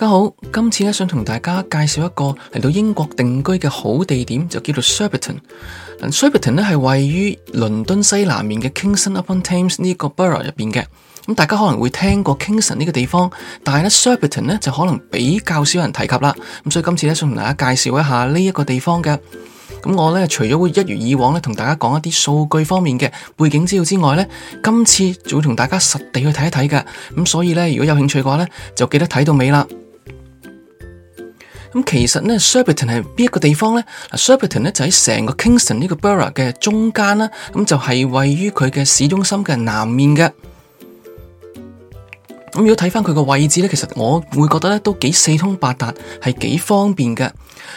大家好，今次咧想同大家介紹一個嚟到英國定居嘅好地點，就叫做 Surbiton。Surbiton 呢係位於倫敦西南面嘅 Kingston upon Thames 呢個 borough 入邊嘅。咁大家可能會聽過 Kingston 呢個地方，但係咧 Surbiton 呢就可能比較少人提及啦。咁所以今次咧想同大家介紹一下呢一個地方嘅。咁我咧除咗會一如以往咧同大家講一啲數據方面嘅背景資料之外咧，今次仲會同大家實地去睇一睇嘅。咁所以咧如果有興趣嘅話咧，就記得睇到尾啦。咁其實呢 Surbiton 係邊一個地方呢？嗱 Surbiton 咧，就喺成個 Kingston 呢個 borough 嘅中間啦，咁就係位於佢嘅市中心嘅南面嘅。咁如果睇翻佢個位置咧，其實我會覺得咧都幾四通八達，係幾方便嘅。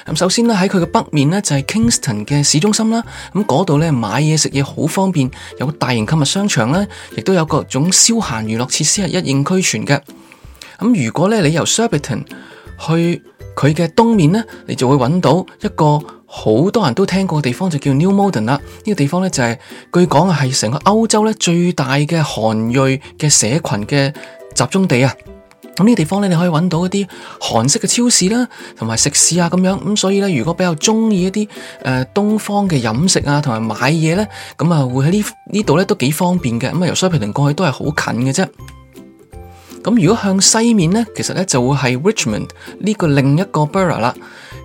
咁首先咧喺佢嘅北面咧就係、是、Kingston 嘅市中心啦，咁嗰度咧買嘢食嘢好方便，有個大型購物商場啦，亦都有各種消閒娛樂設施係一應俱全嘅。咁如果咧你由 Surbiton 去佢嘅東面咧，你就會揾到一個好多人都聽過嘅地方，就叫 New Malden 啦。呢、這個地方咧就係、是、據講係成個歐洲咧最大嘅韓裔嘅社群嘅集中地啊。咁、嗯、呢、這個地方咧你可以揾到一啲韓式嘅超市啦，同埋食肆啊咁樣。咁所以咧，如果比較中意一啲誒、呃、東方嘅飲食啊，同埋買嘢咧，咁啊會喺呢呢度咧都幾方便嘅。咁啊由 Surbiton 過去都係好近嘅啫。咁如果向西面呢，其實呢就會係 Richmond 呢個另一個 borough 啦。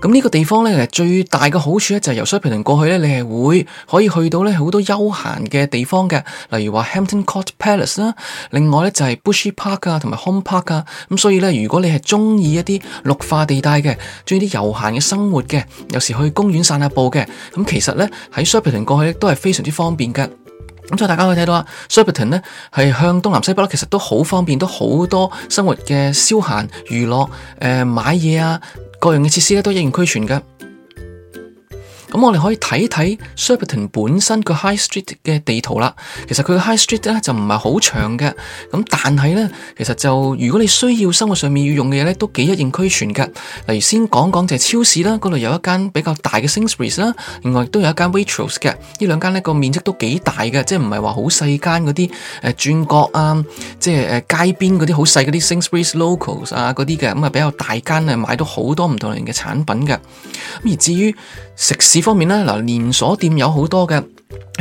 咁呢個地方呢，最大嘅好處呢就係由 Surbiton 過去呢，你係會可以去到呢好多休閒嘅地方嘅，例如話 Hampton Court Palace 啦。另外呢就係 Bushy Park 啊，同埋 Home Park 啊。咁所以呢，如果你係鍾意一啲綠化地帶嘅，鍾意啲休閒嘅生活嘅，有時去公園散下步嘅，咁其實呢，喺 Surbiton 過去都係非常之方便嘅。咁所以大家可以睇到啊 Surbiton 咧，係向東南西北啦，其實都好方便，都好多生活嘅消閒娛樂、呃、買嘢啊，各樣嘅設施咧都一應俱全嘅。咁我哋可以睇睇 Surbiton 本身個 High Street 嘅地圖啦。其實佢嘅 High Street 咧就唔係好長嘅。咁但係咧，其實就如果你需要生活上面要用嘅嘢咧，都幾一應俱全嘅。例如先講講就係超市啦，嗰度有一間比較大嘅 Sainsbury 啦，另外都有一間 Waitrose 嘅。呢兩間呢個面積都幾大嘅，即係唔係話好細間嗰啲誒轉角啊，即係誒街邊嗰啲好細嗰啲 Sainsbury's locals 啊嗰啲嘅。咁啊，比較大間啊，買到好多唔同類型嘅產品嘅。咁而至於食肆方面呢，嗱，連鎖店有好多嘅，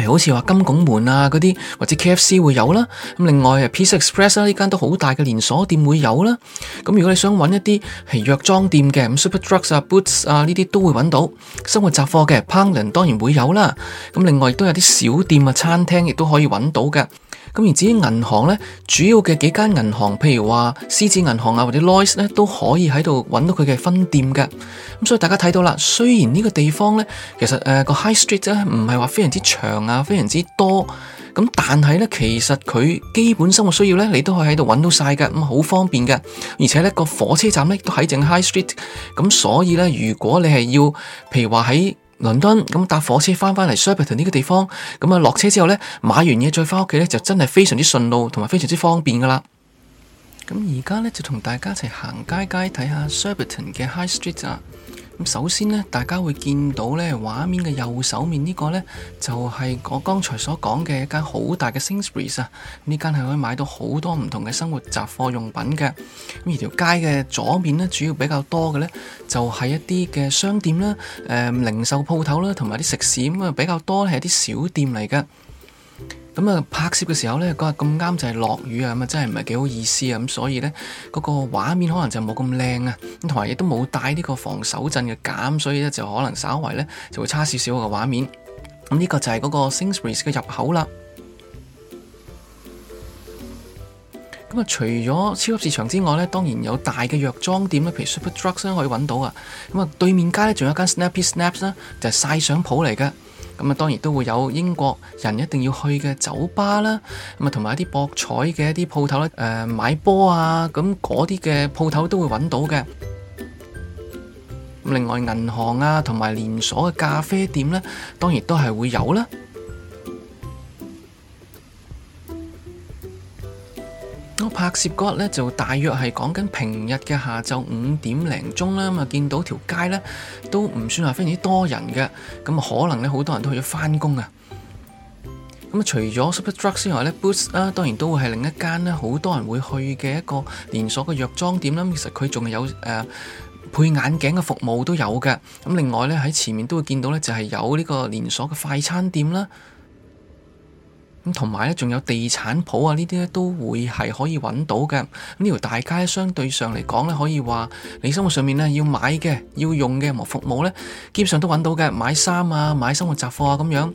好似話金拱門啊嗰啲，或者 KFC 會有啦。咁另外 Pizza Express 呢間都好大嘅連鎖店會有啦。咁如果你想揾一啲係藥妝店嘅，咁 Superdrug 啊、Boots 啊呢啲都會揾到。生活雜貨嘅 Panlin 當然會有啦。咁另外亦都有啲小店啊、餐廳亦都可以揾到嘅。咁而至於銀行咧，主要嘅幾間銀行，譬如話獅子銀行啊，或者 Lloyds 咧，都可以喺度揾到佢嘅分店嘅。咁所以大家睇到啦，雖然呢個地方咧，其實誒個、呃、High Street 咧唔係話非常之長啊，非常之多。咁但係咧，其實佢基本生活需要咧，你都可以喺度揾到晒嘅，咁好方便嘅。而且咧個火車站咧都喺正 High Street。咁所以咧，如果你係要，譬如話喺倫敦，咁搭火車翻返嚟 Surbiton 呢個地方，咁啊落車之後呢，買完嘢再翻屋企呢，就真係非常之順路同埋非常之方便噶啦。咁而家呢，就同大家一齊行街街睇下 Surbiton 嘅 High Street 啊。咁首先咧，大家會見到咧畫面嘅右手面呢個呢就係、是、我剛才所講嘅一間好大嘅 Sainsbury 啊，呢間係可以買到好多唔同嘅生活雜貨用品嘅。咁、啊、而條街嘅左面咧，主要比較多嘅呢，就係、是、一啲嘅商店啦、誒、呃、零售鋪頭啦，同埋啲食肆咁啊，比較多係一啲小店嚟嘅。咁啊，拍攝嘅時候呢，嗰日咁啱就係落雨啊，咁啊真係唔係幾好意思啊，咁所以呢，嗰個畫面可能就冇咁靚啊，咁同埋亦都冇帶呢個防手震嘅減，所以呢，就可能稍為呢，就會差少少嘅畫面。咁呢個就係嗰個 Sainsbury's 嘅入口啦。咁啊，除咗超級市場之外呢，當然有大嘅藥妝店咧，譬如 Superdrug 都可以揾到啊。咁啊，對面街呢，仲有一間 Snappy Snaps 啦，就係晒相鋪嚟嘅。咁啊，當然都會有英國人一定要去嘅酒吧啦，咁啊，同埋一啲博彩嘅一啲鋪頭咧，誒，買波啊，咁嗰啲嘅鋪頭都會揾到嘅。咁另外銀行啊，同埋連鎖嘅咖啡店咧，當然都係會有啦。拍攝嗰日呢，就大約係講緊平日嘅下晝五點零鐘啦，咁啊見到這條街呢，都唔算話非常之多人嘅，咁可能呢，好多人都去咗翻工啊。咁啊，除咗 Superdrug 之外呢，Boots 啊當然都會係另一間呢，好多人會去嘅一個連鎖嘅藥妝店啦。其實佢仲有誒、呃、配眼鏡嘅服務都有嘅。咁另外呢，喺前面都會見到呢，就係有呢個連鎖嘅快餐店啦。咁同埋咧，仲有地產鋪啊，呢啲咧都會係可以揾到嘅。呢條大街相對上嚟講咧，可以話你生活上面呢，要買嘅、要用嘅和服務呢，基本上都揾到嘅。買衫啊，買生活雜貨啊，咁樣。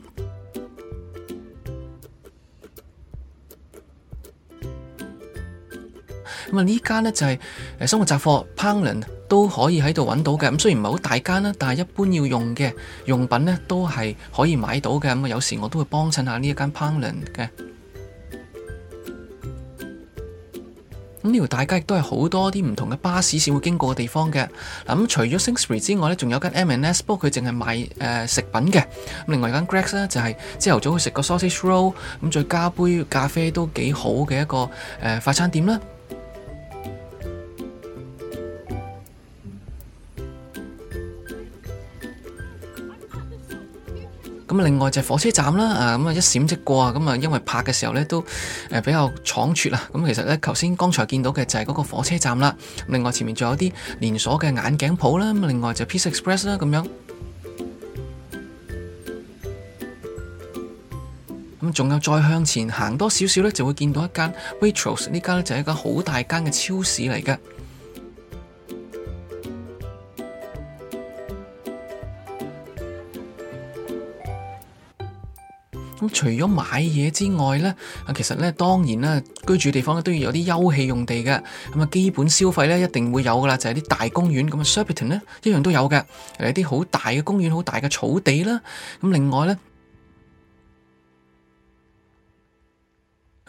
咁啊，呢間呢，就係生活雜貨 Poundland，都可以喺度揾到嘅，咁雖然唔係好大間啦，但係一般要用嘅用品呢都係可以買到嘅。咁、嗯、啊，有時我都會幫襯下呢、嗯這個、一間 Panlin 嘅。咁呢條大街亦都係好多啲唔同嘅巴士線會經過嘅地方嘅。咁、嗯、除咗 Sainsbury 之外呢，仲有一間 M&S，不過佢淨係賣誒、呃、食品嘅。咁、嗯、另外一間 Greggs 咧就係朝頭早去食個 sausage roll，咁、嗯、再加杯咖啡都幾好嘅一個誒快、呃、餐店啦。另外就係火車站啦，啊咁啊一閃即過啊，咁啊因為拍嘅時候呢都誒比較倉促啦，咁其實呢，頭先剛才見到嘅就係嗰個火車站啦，另外前面仲有啲連鎖嘅眼鏡鋪啦，咁另外就 Pace Express 啦咁樣，咁仲有再向前行多少少呢，就會見到一間 Waitrose，呢間呢就係一間好大間嘅超市嚟嘅。咁除咗買嘢之外呢，其實呢當然呢居住嘅地方都要有啲休憩用地嘅。咁啊，基本消費呢一定會有噶啦，就係啲大公園咁啊 Surbiton 呢一樣都有嘅。誒，啲好大嘅公園、好大嘅草地啦。咁另外呢。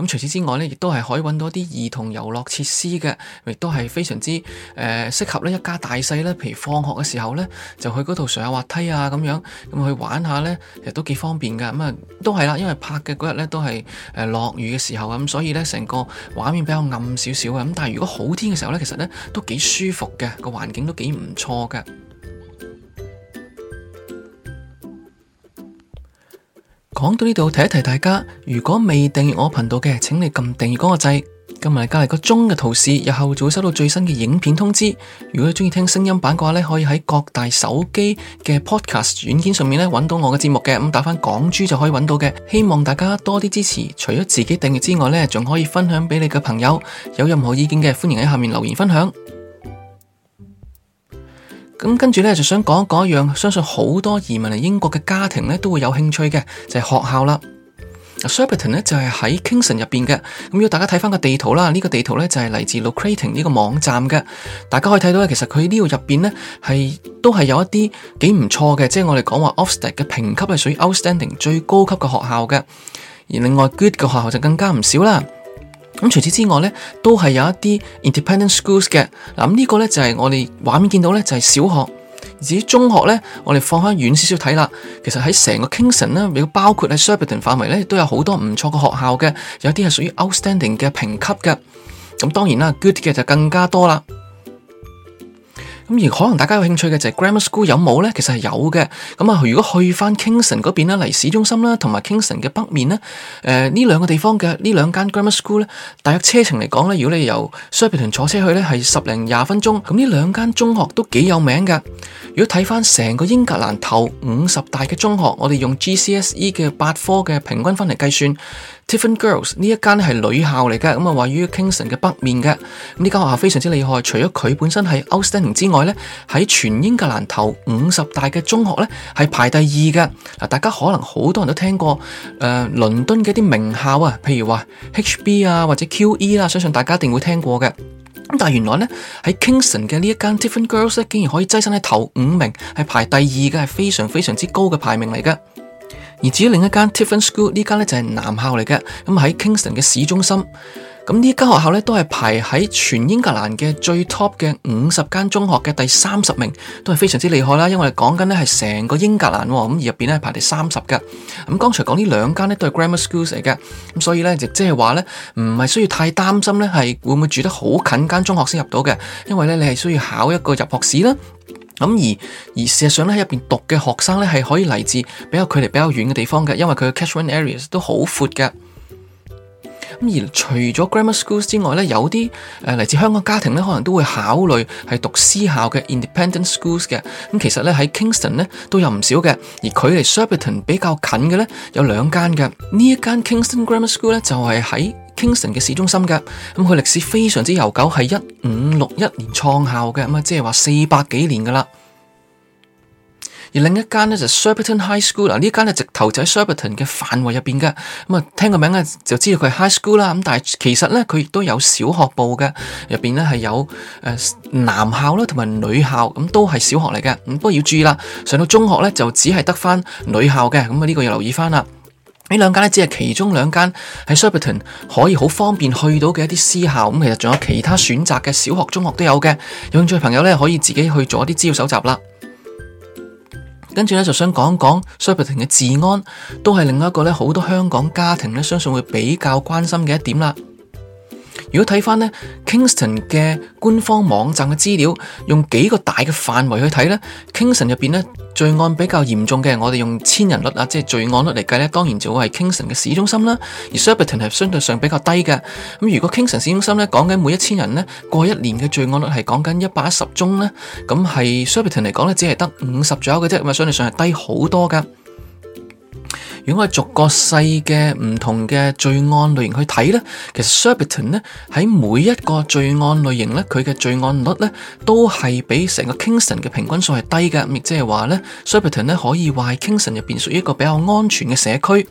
咁除此之外呢，亦都係可以揾到啲兒童遊樂設施嘅，亦都係非常之誒、呃、適合呢一家大細呢，譬如放學嘅時候呢就去嗰度上下滑梯啊，咁樣咁去玩下呢其實都幾方便噶。咁、嗯、啊，都係啦，因為拍嘅嗰日呢都係落雨嘅時候，咁所以呢成個畫面比較暗少少嘅。咁但係如果好天嘅時候呢，其實呢都幾舒服嘅，個環境都幾唔錯嘅。講到呢度，提一提大家，如果未訂閱我的頻道嘅，請你撳訂閱嗰個掣，撳埋隔籬個鐘嘅圖示，日後就會收到最新嘅影片通知。如果你中意聽聲音版嘅話咧，可以喺各大手機嘅 Podcast 軟件上面搵到我嘅節目嘅，咁打翻港珠就可以搵到嘅。希望大家多啲支持，除咗自己訂閱之外呢，仲可以分享俾你嘅朋友。有任何意見嘅，歡迎喺下面留言分享。咁跟住咧，就想講一講一樣，相信好多移民嚟英國嘅家庭咧都會有興趣嘅，就係學校啦。Surbiton 咧就係喺 Kingston 入面嘅。咁如果大家睇翻個地圖啦，呢個地圖咧就係嚟自 Locrating 呢個網站嘅。大家可以睇到咧，其實佢呢度入面咧係都係有一啲幾唔錯嘅，即係我哋講話 Ofsted 嘅評級係屬於 Outstanding 最高級嘅學校嘅。而另外 Good 嘅學校就更加唔少啦。咁、嗯、除此之外呢都係有一啲 independent schools 嘅嗱，咁、啊、呢、呢個呢，就係、是、我哋畫面見到呢就係、是、小學。至於中學呢，我哋放開遠少少睇啦，其實喺成個 Kingston 呢，有包括喺 Surbiton 範圍呢，都有好多唔錯嘅學校嘅，有啲係屬於 outstanding 嘅評級嘅。咁、啊、當然啦，good 嘅就更加多啦。咁而可能大家有興趣嘅就係 grammar school 有冇呢？其實係有嘅。咁啊，如果去翻 Kingston 嗰邊啦，嚟市中心啦，同埋 Kingston 嘅北面呢，誒、呃、呢兩個地方嘅呢兩間 grammar school 呢，大約車程嚟講呢，如果你由 Surbiton 坐車去呢，係十零廿分鐘。咁呢兩間中學都幾有名噶。如果睇翻成個英格蘭頭五十大嘅中學，我哋用 GCSE 嘅八科嘅平均分嚟計算。Tiffin Girls 呢一間係係女校嚟㗎，咁啊位於 Kingston 嘅北面嘅，咁呢間學校非常之厲害。除咗佢本身係 Outstanding 之外咧，喺全英格蘭頭五十大嘅中學咧係排第二嘅。嗱，大家可能好多人都聽過誒，呃、倫敦嘅一啲名校啊，譬如話 H B 啊或者 Q E 啦、啊，相信大家一定會聽過嘅。咁但係原來咧喺 Kingston 嘅呢一間 Tiffin Girls 咧，竟然可以躋身喺頭五名，係排第二嘅，係非常非常之高嘅排名嚟嘅。而至於另一間 Tiffin School 這間呢間咧就係、是、男校嚟嘅，咁喺 Kingston 嘅市中心，咁呢間學校咧都係排喺全英格蘭嘅最 top 嘅五十間中學嘅第三十名，都係非常之厲害啦。因為講緊咧係成個英格蘭喎，咁入邊咧排第三十嘅。咁剛才講呢兩間咧都係 grammar schools 嚟嘅，咁所以咧亦即係話咧唔係需要太擔心咧係會唔會住得好近一間中學先入到嘅，因為咧你係需要考一個入學試啦。咁而而事實上咧，喺入面讀嘅學生咧，係可以嚟自比較距離比較遠嘅地方嘅，因為佢嘅 catchment areas 都好闊嘅。咁而除咗 grammar schools 之外咧，有啲嚟自香港家庭咧，可能都會考慮係讀私校嘅 independent schools 嘅。咁其實咧喺 Kingston 咧都有唔少嘅，而距離 Surbiton 比較近嘅咧有兩間嘅。呢一間 Kingston Grammar School 咧就係喺 Kingston 嘅市中心嘅，咁佢歷史非常之悠久，係一五六一年創校嘅，咁啊即係話四百幾年噶啦。而另一間呢，就係 Surbiton High School 啦，呢間呢直頭就喺 Surbiton 嘅範圍入邊嘅，咁啊聽個名就知道佢係 High School 啦，咁但係其實呢，佢亦都有小學部嘅，入邊呢係有誒男校啦，同埋女校，咁都係小學嚟嘅，咁不過要注意啦，上到中學呢，就只係得翻女校嘅，咁啊呢個要留意翻啦。呢兩間呢，只係其中兩間喺 Surbiton 可以好方便去到嘅一啲私校，咁其實仲有其他選擇嘅小學、中學都有嘅，有興趣嘅朋友呢，可以自己去做一啲資料搜集啦。跟住呢，就想講講 Surbiton 嘅治安，都係另一個呢，好多香港家庭呢相信會比較關心嘅一點啦。如果睇翻呢 Kingston 嘅官方網站嘅資料，用幾個大嘅範圍去睇呢。Kingston 入面呢，罪案比較嚴重嘅，我哋用千人率啊，即係罪案率嚟計呢，當然就會係 Kingston 嘅市中心啦。而 Surbiton 係相對上比較低嘅。咁如果 Kingston 市中心呢，講緊每一千人呢，過一年嘅罪案率係講緊一百一十宗呢。咁係 Surbiton 嚟講呢，只係得五十左右嘅啫，咁啊相對上係低好多噶。如果我哋逐個細嘅唔同嘅罪案類型去睇咧，其實 Surbiton 咧，喺每一個罪案類型咧，佢嘅罪案率咧都係比成個 Kingston 嘅平均數係低㗎。即係話咧 Surbiton 咧可以話係 Kingston 入邊屬於一個比較安全嘅社區。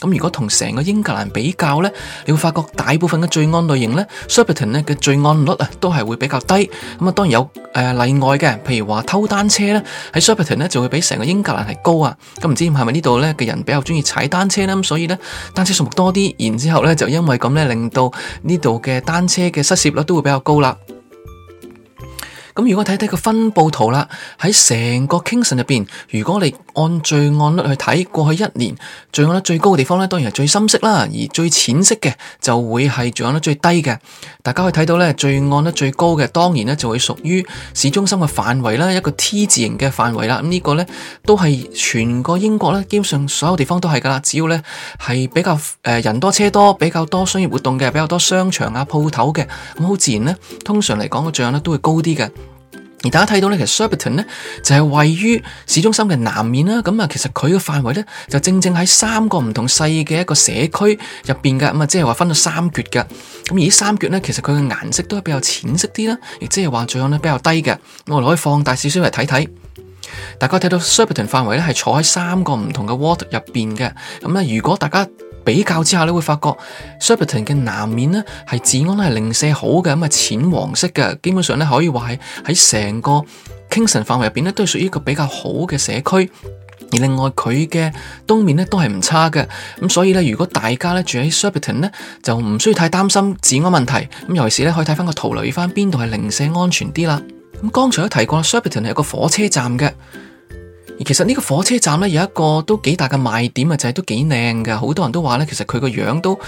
咁如果同成個英格蘭比較呢，你會發覺大部分嘅罪案類型呢，Surbiton 嘅罪案率啊，都係會比較低。咁啊，當然有誒、呃、例外嘅，譬如話偷單車呢，喺 Surbiton 就會比成個英格蘭係高啊。咁唔知係咪呢度呢嘅人比較中意踩單車啦，咁所以呢，單車數目多啲，然之後呢就因為咁呢令到呢度嘅單車嘅失竊率都會比較高啦。咁如果睇睇個分布圖啦，喺成個 Kingston 入邊，如果你按罪案率去睇，過去一年罪案率最高嘅地方咧，當然係最深色啦。而最淺色嘅就會係罪案率最低嘅。大家可以睇到咧，罪案率最高嘅，當然咧就會屬於市中心嘅範圍啦，一個 T 字形嘅範圍啦。咁、這、呢個咧都係全個英國咧，基本上所有地方都係噶啦。只要咧係比較誒人多車多，比較多商業活動嘅，比較多商場啊鋪頭嘅，咁好自然咧，通常嚟講嘅罪案率都會高啲嘅。而大家睇到咧，其實 Surbiton 咧就係位於市中心嘅南面啦。咁啊，其實佢嘅範圍咧就正正喺三個唔同細嘅一個社區入面嘅。咁啊，即係話分到三橛嘅。咁而呢三橛咧，其實佢嘅顏色都係比較淺色啲啦，亦即係話作用咧比較低嘅。我哋可以放大少少嚟睇睇，大家睇到 Surbiton 範圍咧係坐喺三個唔同嘅 water 入面嘅。咁咧，如果大家比較之下你會發覺 Surbiton 嘅南面呢係治安係零舍好嘅，咁啊淺黃色嘅，基本上呢可以話係喺成個 Kingston 範圍入邊都係屬於一個比較好嘅社區。而另外佢嘅東面呢都係唔差嘅，咁所以呢，如果大家呢住喺 Surbiton 呢，就唔需要太擔心治安問題。咁尤其是咧可以睇翻個圖，留意翻邊度係零舍安全啲啦。咁剛才都提過 Surbiton 係一個火車站嘅。其實呢個火車站呢有一個都幾大嘅賣點啊，就係都幾靚嘅，好多人都話呢其實佢個樣都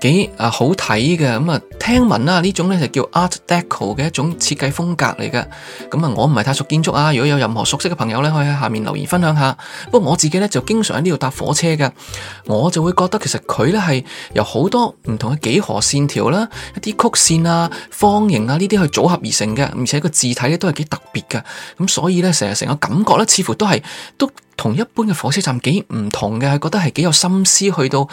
幾啊好睇嘅。咁啊，聽聞啦，呢種就叫 Art Deco 嘅一種設計風格嚟㗎。咁啊，我唔係太熟建築啊，如果有任何熟悉嘅朋友呢可以喺下面留言分享下。不過我自己呢，就經常喺呢度搭火車㗎。我就會覺得其實佢呢係由好多唔同嘅幾何線條啦、一啲曲線啊、方形啊呢啲去組合而成嘅，而且個字體呢都係幾特別㗎。咁所以呢，成日成個感覺呢，似乎都係。都同一般嘅火車站幾唔同嘅，係覺得係幾有心思去到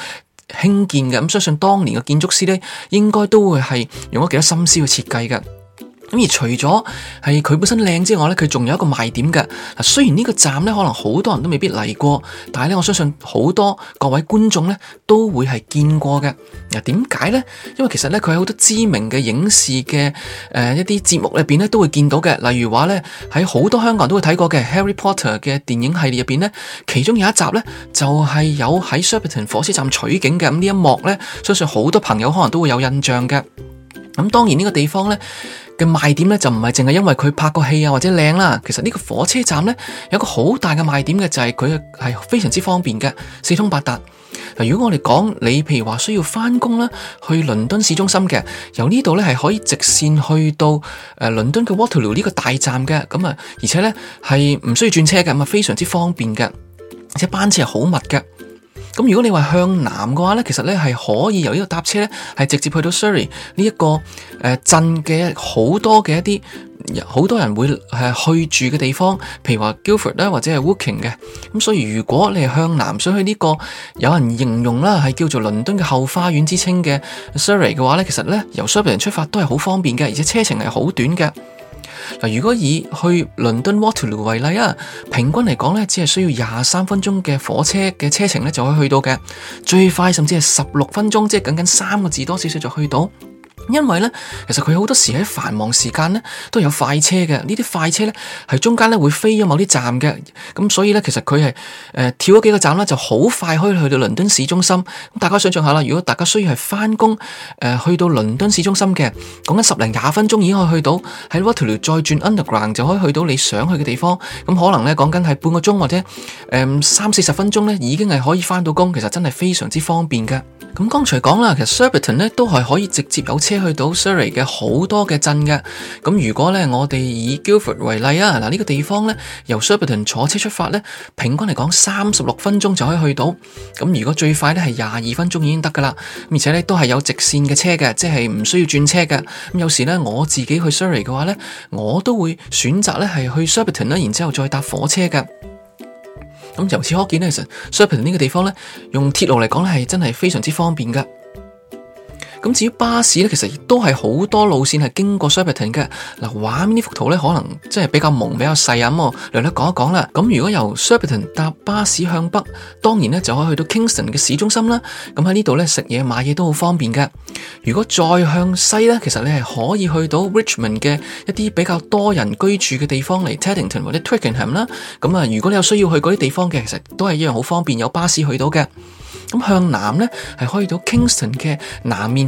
興建嘅。咁相信當年嘅建築師咧應該都會係用咗幾多心思去設計㗎咁而除咗係佢本身靚之外咧，佢仲有一個賣點嘅。嗱，雖然呢個站咧可能好多人都未必嚟過，但係咧我相信好多各位觀眾咧都會係見過嘅。嗱，點解咧？因為其實咧佢喺好多知名嘅影視嘅誒一啲節目裏邊咧都會見到嘅，例如話咧喺好多香港人都會睇過嘅《Harry Potter》嘅電影系列入邊咧，其中有一集咧就係有喺 Surbiton 火車站取景嘅。咁呢一幕咧，相信好多朋友可能都會有印象嘅。咁當然呢個地方呢，嘅賣點呢就唔係淨係因為佢拍過戲啊或者靚啦，其實呢個火車站呢，有個好大嘅賣點嘅就係佢係非常之方便嘅四通八達。嗱，如果我哋講你譬如話需要翻工啦，去倫敦市中心嘅，由呢度呢係可以直線去到誒倫敦嘅 Waterloo 呢個大站嘅，咁啊而且呢係唔需要轉車嘅，咁啊非常之方便嘅，而且班次係好密嘅。咁如果你話向南嘅話咧，其實咧係可以由呢個搭車咧，係直接去到 Surrey 呢一個誒鎮嘅好多嘅一啲好多人會去住嘅地方，譬如話 Guildford 咧或者係 Woking 嘅。咁所以如果你係向南想去呢個有人形容啦係叫做倫敦嘅後花園之稱嘅 Surrey 嘅話咧，其實咧由 Surrey 出發都係好方便嘅，而且車程係好短嘅。如果以去倫敦 Waterloo 為例啊，平均嚟講只係需要廿三分鐘嘅火車嘅車程就可以去到嘅。最快甚至係十六分鐘，即係僅僅三個字多少少就去到。因為呢，其實佢好多時喺繁忙時間呢，都有快車嘅，呢啲快車呢，係中間呢會飛咗某啲站嘅，咁所以呢，其實佢係、呃、跳咗幾個站呢，就好快可以去到倫敦市中心。咁大家想象下啦，如果大家需要係翻工、呃、去到倫敦市中心嘅，講緊十零廿分鐘已經可以去到，喺 Waterloo 再轉 Underground 就可以去到你想去嘅地方。咁、嗯、可能呢，講緊係半個鐘或者、呃、三四十分鐘呢，已經係可以翻到工，其實真係非常之方便嘅。咁、嗯、剛才講啦，其實 Surbiton 呢，都係可以直接有車去到 Surrey 嘅好多嘅鎮嘅，咁如果呢，我哋以 Guildford 為例啊，嗱、這、呢個地方呢，由 Surbiton 坐車出發呢，平均嚟講三十六分鐘就可以去到，咁如果最快呢係廿二分鐘已經得噶啦，咁而且呢都係有直線嘅車嘅，即係唔需要轉車嘅，咁有時呢，我自己去 Surrey 嘅話呢，我都會選擇呢係去 Surbiton 啦，然之後再搭火車嘅，咁由此可見呢 Surbiton 呢個地方呢，用鐵路嚟講咧係真係非常之方便噶。咁至於巴士咧，其實亦都係好多路線係經過 Surbiton 嘅。嗱，畫面呢幅圖咧，可能真係比較朦、比較細咁。略略講一講啦。咁如果由 Surbiton 搭巴士向北，當然咧就可以去到 Kingston 嘅市中心啦。咁喺呢度咧食嘢買嘢都好方便嘅。如果再向西咧，其實你係可以去到 Richmond 嘅一啲比較多人居住嘅地方嚟，Teddington 或者 Twickenham 啦。咁啊，如果你有需要去嗰啲地方嘅，其實都係一樣好方便，有巴士去到嘅。咁向南咧，係可以到 Kingston 嘅南面。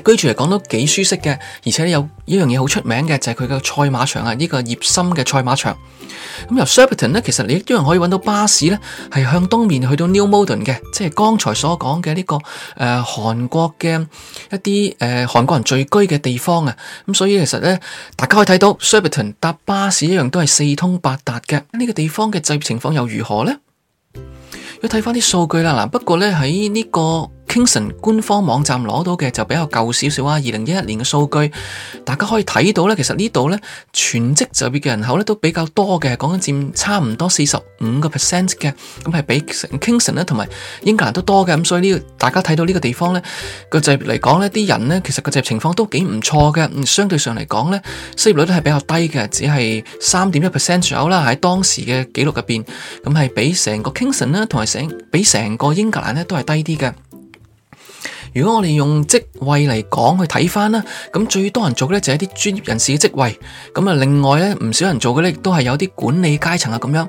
居住嚟講都幾舒適嘅，而且有一樣嘢好出名嘅就係佢嘅賽馬場啊！呢個葉森嘅賽馬場，咁、這個嗯、由 Surbiton 呢，其實你一樣可以揾到巴士呢，係向東面去到 New Malden 嘅，即係剛才所講嘅呢個誒韓、呃、國嘅一啲誒韓國人聚居嘅地方啊！咁、嗯、所以其實呢，大家可以睇到 Surbiton 搭巴士一樣都係四通八達嘅。呢、這個地方嘅置業情況又如何呢？要睇翻啲數據啦！嗱，不過呢，喺呢、這個 Kingston 官方網站攞到嘅就比較舊少少啊，二零一一年嘅數據，大家可以睇到咧。其實呢度咧全職就業嘅人口咧都比較多嘅，講緊佔差唔多四十五個 percent 嘅，咁係比 Kingston 咧同埋英格蘭都多嘅。咁所以呢個大家睇到呢個地方咧個就業嚟講呢啲人咧其實個就業情況都幾唔錯嘅，相對上嚟講咧失業率都係比較低嘅，只係三點一 percent 左右啦。喺當時嘅記錄入邊，咁係比成個 Kingston 咧同埋成比成個英格蘭咧都係低啲嘅。如果我哋用職位嚟講去睇翻啦，咁最多人做嘅咧就係一啲專業人士嘅職位，咁啊另外咧唔少人做嘅咧亦都係有啲管理階層啊咁樣。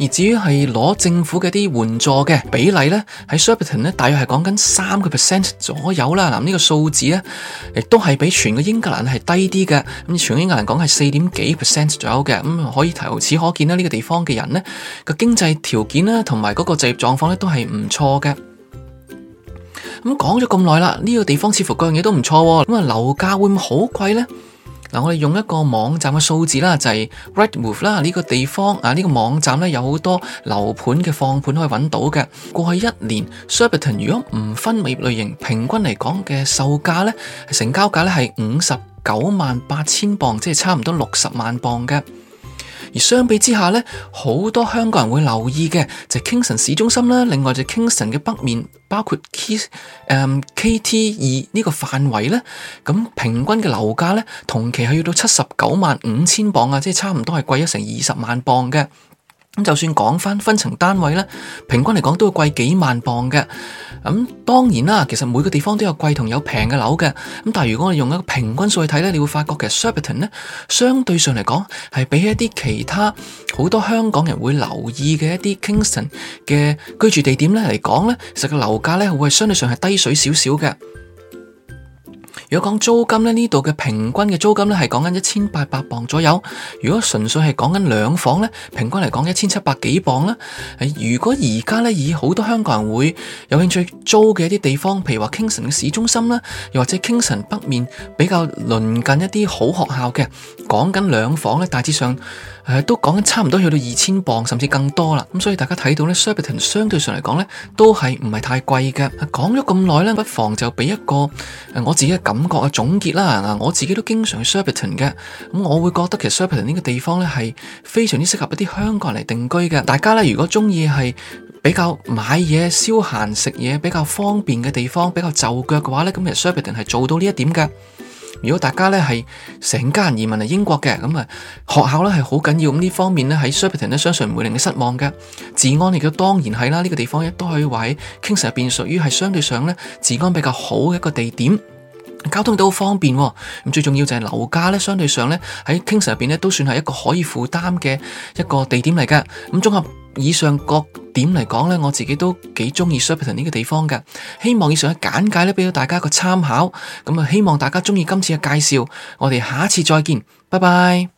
而至於係攞政府嘅啲援助嘅比例咧，喺 s h e r b e t o nSurbiton 咧大約係講緊三個 percent 左右啦。嗱、這、呢個數字咧亦都係比全個英格蘭係低啲嘅。咁全英格蘭講係四點幾 percent 左右嘅，咁可以由此可見啦，呢、這個地方嘅人咧個經濟條件啦同埋嗰個就業狀況咧都係唔錯嘅。咁講咗咁耐啦，呢個地方似乎各樣嘢都唔錯，咁啊樓價會唔會好貴呢？嗱，我哋用一個網站嘅數字啦，就係 RedMove 啦，呢個地方啊呢個網站咧有好多樓盤嘅放盤可以揾到嘅。過去一年 Surbiton 如果唔分物業類型，平均嚟講嘅售價咧，成交價咧係五十九萬八千磅，即係差唔多六十萬磅嘅。而相比之下咧，好多香港人會留意嘅就係、是、Kingston 市中心啦，另外就係 Kingston 嘅北面，包括 K 誒、呃、KT2 呢個範圍咧，咁平均嘅樓價咧，同期係要到七十九萬五千鎊啊，即係差唔多係貴咗成二十萬鎊嘅。咁就算講翻分層單位咧，平均嚟講都會貴幾萬磅嘅。咁、嗯、當然啦，其實每個地方都有貴同有平嘅樓嘅。咁但係如果我哋用一個平均數去睇咧，你會發覺其實 Surbiton 咧，相對上嚟講係比一啲其他好多香港人會留意嘅一啲 Kingston 嘅居住地點咧嚟講咧，呢其實個樓價咧會係相對上係低水少少嘅。如果講租金呢，呢度嘅平均嘅租金呢係講緊一千八百磅左右。如果純粹係講緊兩房呢，平均嚟講一千七百幾磅啦。如果而家呢，以好多香港人會有興趣租嘅一啲地方，譬如話 Kingston 嘅市中心啦，又或者 Kingston 北面比較鄰近一啲好學校嘅，講緊兩房呢，大致上，都講緊差唔多去到二千磅甚至更多啦，咁所以大家睇到呢 Surbiton 相對上嚟講呢，都係唔係太貴嘅。講咗咁耐呢，不妨就俾一個我自己嘅感覺嘅總結啦。我自己都經常去 Surbiton 嘅，咁我會覺得其實 Surbiton 呢個地方呢，係非常之適合一啲香港人嚟定居嘅。大家呢，如果中意係比較買嘢、消閒、食嘢比較方便嘅地方，比較就腳嘅話呢，咁其實 Surbiton 係做到呢一點嘅。如果大家咧係成家人移民嚟英國嘅，咁啊學校咧係好緊要，咁呢方面咧喺 Surbiton 都相信唔會令你失望嘅。治安亦都當然係啦，呢、這個地方亦都可以話喺 Kingston 入、er、邊屬於係相對上咧治安比較好嘅一個地點。交通都好方便，咁最重要就係樓價咧，相對上咧喺 Kingston 入邊咧都算係一個可以負擔嘅一個地點嚟㗎。咁綜合以上各點嚟講咧，我自己都幾中意 Surbiton 呢個地方㗎。希望以上嘅簡介咧俾到大家一個參考。咁啊，希望大家中意今次嘅介紹。我哋下一次再見，拜拜。